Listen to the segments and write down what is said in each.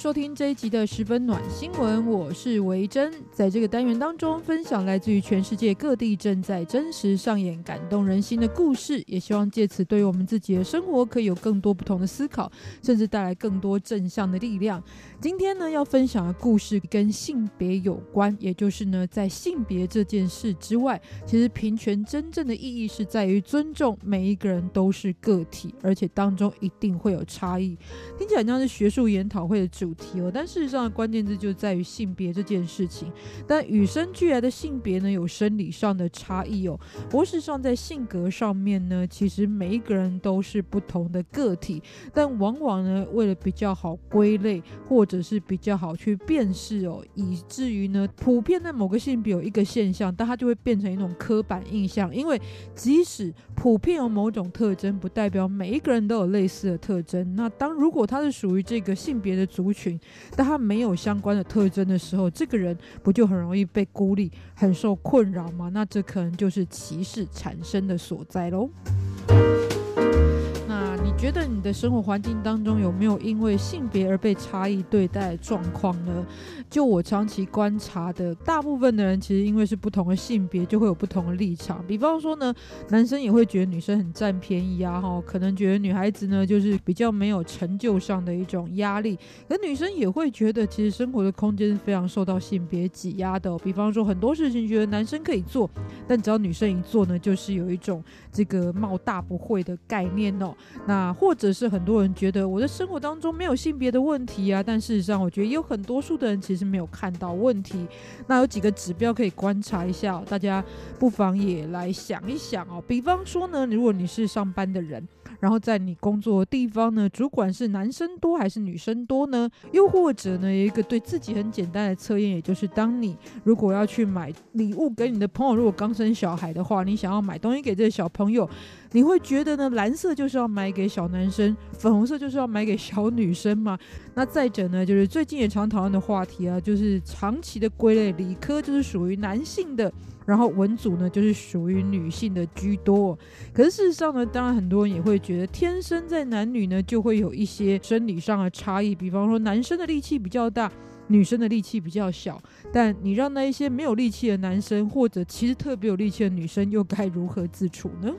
收聽這一集的十分暖新聞，我是維珍。在這個單元當中，分享來自於全世界各地正在真實上演感動人心的故事，也希望借此對於我們自己的生活可以有更多不同的思考，甚至帶來更多正向的力量。今天呢，要分享的故事跟性別有關，也就是呢，在性別這件事之外，其實平權真正的意義是在於尊重每一個人都是個體，而且當中一定會有差異。聽起來像是學術研討會的主。但事實上的關鍵字就在於性別這件事情。但與生俱來的性別呢，有生理上的差異哦。實際上在性格上面呢，其實每一個人都是不同的個體。但往往呢，為了比較好歸類，或者是比較好去辨識哦，以至於呢，普遍在某個性別有一個現象，但它就會變成一種刻板印象。因為即使普遍有某種特徵，不代表每一個人都有類似的特徵。那當如果他是屬於這個性別的族群，群，當他沒有相關的特徵的時候，這個人不就很容易被孤立，很受困擾嗎？那這可能就是歧視產生的所在嘍。覺得你的生活環境當中有沒有因為性別而被差異對待的狀況呢？就我長期觀察的，大部分的人其實因為是不同的性別，就會有不同的立場。比方說呢，男生也會覺得女生很佔便宜啊，哈，可能覺得女孩子呢就是比較沒有成就上的一種壓力。而女生也會覺得，其實生活的空間是非常受到性別擠壓的，喔。比方說很多事情覺得男生可以做，但只要女生一做呢，就是有一種這個冒大不諱的概念哦，喔。那或者是很多人覺得我的生活當中沒有性別的問題啊，但事實上，我覺得也有很多數的人其實沒有看到問題。那有幾個指標可以觀察一下哦，大家不妨也來想一想哦。比方說呢，如果你是上班的人，然後在你工作的地方呢，主管是男生多還是女生多呢？又或者呢，有一個對自己很簡單的測驗，也就是當你如果要去買禮物給你的朋友，如果剛生小孩的話，你想要買東西給這個小朋友。你會覺得呢？藍色就是要買給小男生，粉紅色就是要買給小女生嘛？那再者呢，就是最近也常討論的話題啊，就是長期的歸類，理科就是屬於男性的，然後文組呢就是屬於女性的居多。可是事實上呢，當然很多人也會覺得，天生在男女呢就會有一些生理上的差異，比方說男生的力氣比較大，女生的力氣比較小。但你讓那一些沒有力氣的男生，或者其實特別有力氣的女生，又該如何自處呢？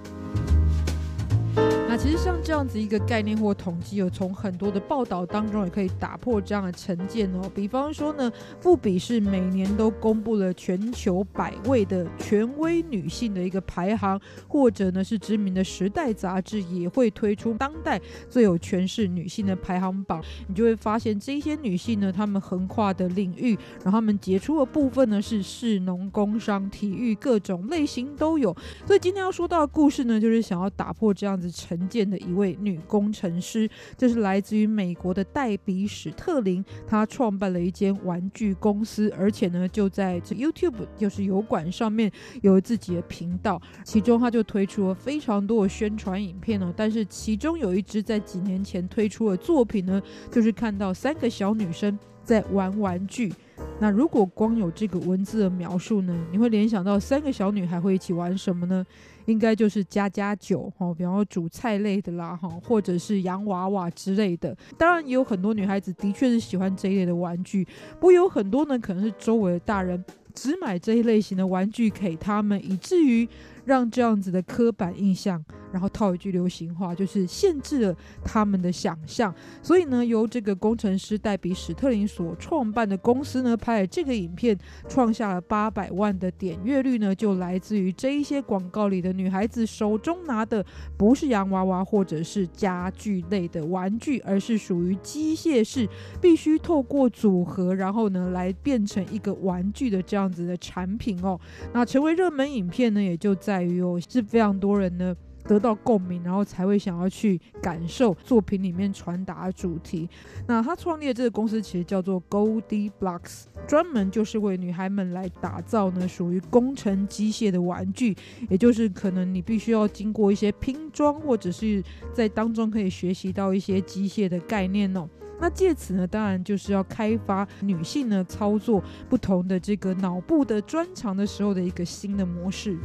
那、啊、其實像這樣子一個概念或統計，有從很多的報道當中也可以打破這樣的成見哦。比方說呢，富比士每年都公布了全球百位的權威女性的一個排行，或者呢是知名的時代雜誌也會推出當代最有權勢女性的排行榜。你就會發現這些女性呢，她們橫跨的領域，然後她們傑出的部分呢，是士農工商體育各種類型都有。所以今天要說到的故事呢，就是想要打破這樣子成見的一位女工程師，就是來自於美國的黛比史特林，她創辦了一間玩具公司，而且呢，就在 YouTube 就是油管上面有自己的頻道，其中她就推出了非常多的宣傳影片呢、哦，但是其中有一支在幾年前推出的作品呢，就是看到三個小女生在玩玩具。那如果光有這個文字的描述呢，你會聯想到三個小女孩會一起玩什麼呢？應該就是家家酒哈，比方說煮菜類的啦，或者是洋娃娃之類的。當然，也有很多女孩子的確是喜歡這一類的玩具，不過有很多呢，可能是周圍的大人只買這一類型的玩具給他們，以至於讓這樣子的刻板印象。然後套一句流行話，就是限制了他們的想象所以呢，由這個工程師黛比·史特林所創辦的公司呢，拍了這個影片，創下了八百萬的點閱率呢，就來自於這一些廣告裡的女孩子手中拿的不是洋娃娃或者是家具類的玩具，而是屬於機械式，必須透過組合，然後呢來變成一個玩具的這樣子的產品哦。那成為熱門影片呢，也就在於哦，是非常多人呢。得到共鳴，然後才會想要去感受作品裡面傳達主題。那他創立的這個公司其實叫做 Goldie Blocks，專門就是為女孩們來打造呢屬於工程機械的玩具，也就是可能你必須要經過一些拼裝，或者是在當中可以學習到一些機械的概念哦、喔。那借此呢，當然就是要開發女性呢操作不同的這個腦部的專長的時候的一個新的模式。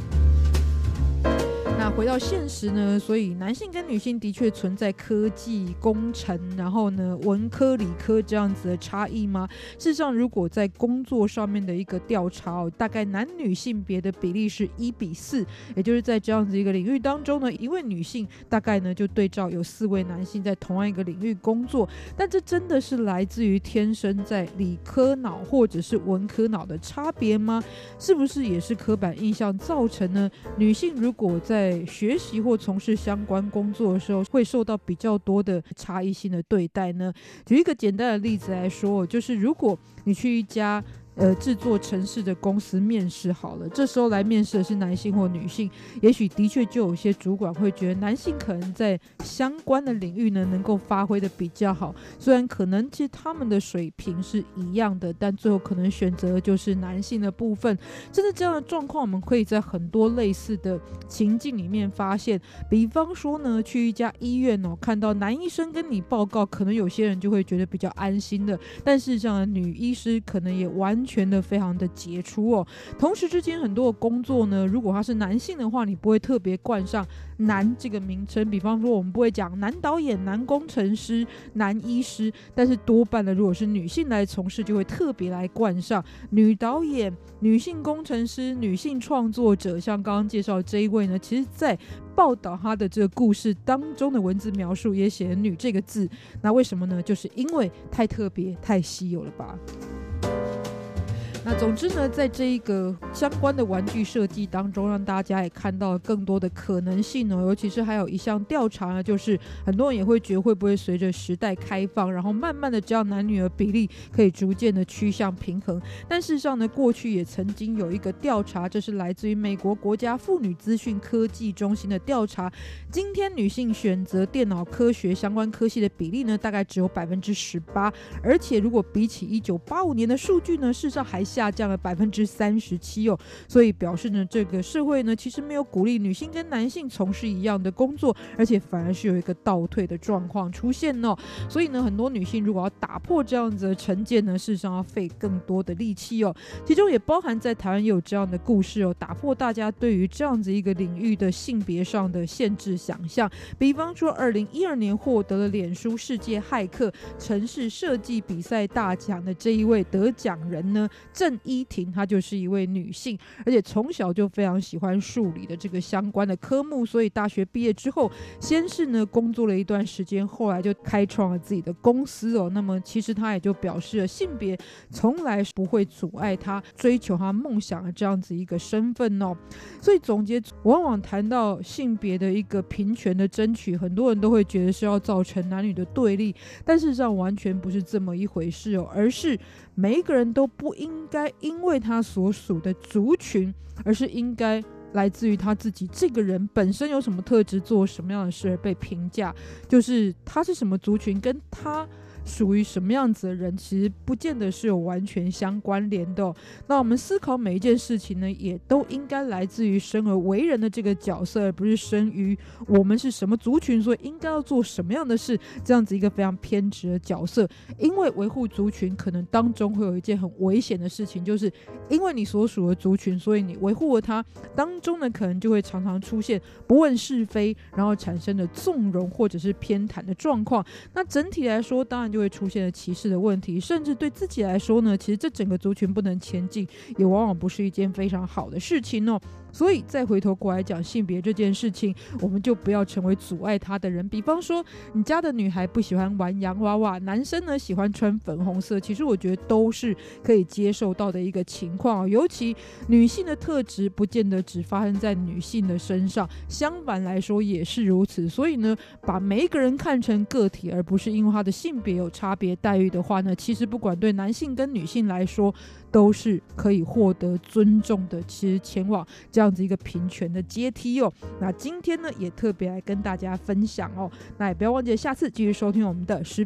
那回到現實呢？所以男性跟女性的確存在科技、工程，然後呢文科、理科這樣子的差異嗎？事實上，如果在工作上面的一個調查，大概男女性別的比例是一比四，也就是在這樣子一個領域當中呢，一位女性大概呢就對照有四位男性在同樣一個領域工作。但這真的是來自於天生在理科腦或者是文科腦的差別嗎？是不是也是刻板印象造成呢？女性如果在學習或從事相關工作的時候，會受到比較多的差異性的對待呢？舉一個簡單的例子來說，就是如果你去一家呃，製作程式的公司面試好了，這時候來面試的是男性或女性，也許的確就有些主管會覺得男性可能在相關的領域呢能夠發揮的比較好，雖然可能其實他們的水平是一樣的，但最後可能選擇的就是男性的部分。真的這樣的狀況，我們可以在很多類似的情境裡面發現，比方說呢，去一家醫院哦、喔，看到男醫生跟你報告，可能有些人就會覺得比較安心的，但是像女醫師可能也完。全的非常的傑出哦，同時之間很多的工作呢，如果他是男性的話，你不會特別冠上“男”這個名稱。比方說，我們不會講“男導演”“男工程師”“男醫師”，但是多半的，如果是女性來從事，就會特別來冠上“女導演”“女性工程師”“女性創作者”。像剛剛介紹這一位呢，其實，在報道他的這個故事當中的文字描述也寫“女”這個字，那為什麼呢？就是因為太特別、太稀有了吧。那總之呢，在這一個相關的玩具設計當中，讓大家也看到了更多的可能性呢。尤其是還有一項調查呢，就是很多人也會覺得會不會隨着時代開放，然後慢慢的，只要男女的比例可以逐漸的趨向平衡。但事實上呢，過去也曾經有一個調查，這是來自於美國國家婦女資訊科技中心的調查。今天女性選擇電腦科學相關科系的比例呢，大概只有百分之十八。而且如果比起一九八五年的數據呢，事實上還下降了百分之三十七哦，所以表示呢，這個社會呢，其實沒有鼓勵女性跟男性從事一樣的工作，而且反而是有一個倒退的狀況出現哦。所以呢，很多女性如果要打破這樣子的成見呢，事實上要費更多的力氣哦。其中也包含在台灣有這樣的故事哦，打破大家對於這樣子一個領域的性別上的限制想象比方說，二零一二年獲得了臉書世界駭客程式設計比賽大獎的這一位得獎人呢，鄭伊廷，她就是一位女性，而且從小就非常喜歡數理的這個相關的科目，所以大學畢業之後，先是呢，工作了一段時間，後來就開創了自己的公司哦。那麼其實她也就表示了，性別從來不會阻礙她追求她夢想的這樣子一個身份哦。所以總結，往往談到性別的一個平權的爭取，很多人都會覺得是要造成男女的對立，但事實上完全不是這麼一回事哦，而是每一個人都不應。應該因為他所屬的族群，而是應該來自於他自己。這個人本身有什麼特質，做什麼樣的事而被評價，就是他是什麼族群，跟他。屬於什麼樣子的人，其實不見得是有完全相關聯的哦。那我們思考每一件事情呢，也都應該來自於生而為人的這個角色，而不是生於我們是什麼族群，所以應該要做什麼樣的事，這樣子一個非常偏執的角色。因為維護族群，可能當中會有一件很危險的事情，就是因為你所屬的族群，所以你維護了它當中呢，可能就會常常出現不問是非，然後產生的縱容或者是偏袒的狀況。那整體來說，當然就。就會出現了歧視的問題，甚至對自己來說呢，其實這整個族群不能前進，也往往不是一件非常好的事情哦、喔。所以再回頭過來講性別這件事情，我們就不要成為阻礙他的人。比方說，你家的女孩不喜歡玩洋娃娃，男生呢喜歡穿粉紅色，其實我覺得都是可以接受到的一個情況。尤其女性的特質，不見得只發生在女性的身上，相反來說也是如此。所以呢，把每一個人看成個體，而不是因為他的性別有差別待遇的話呢，其實不管對男性跟女性來說，都是可以獲得尊重的。其實前往。這樣子一個平權的階梯哦、喔，那今天呢也特別來跟大家分享哦、喔，那也不要忘記下次繼續收聽我們的十分。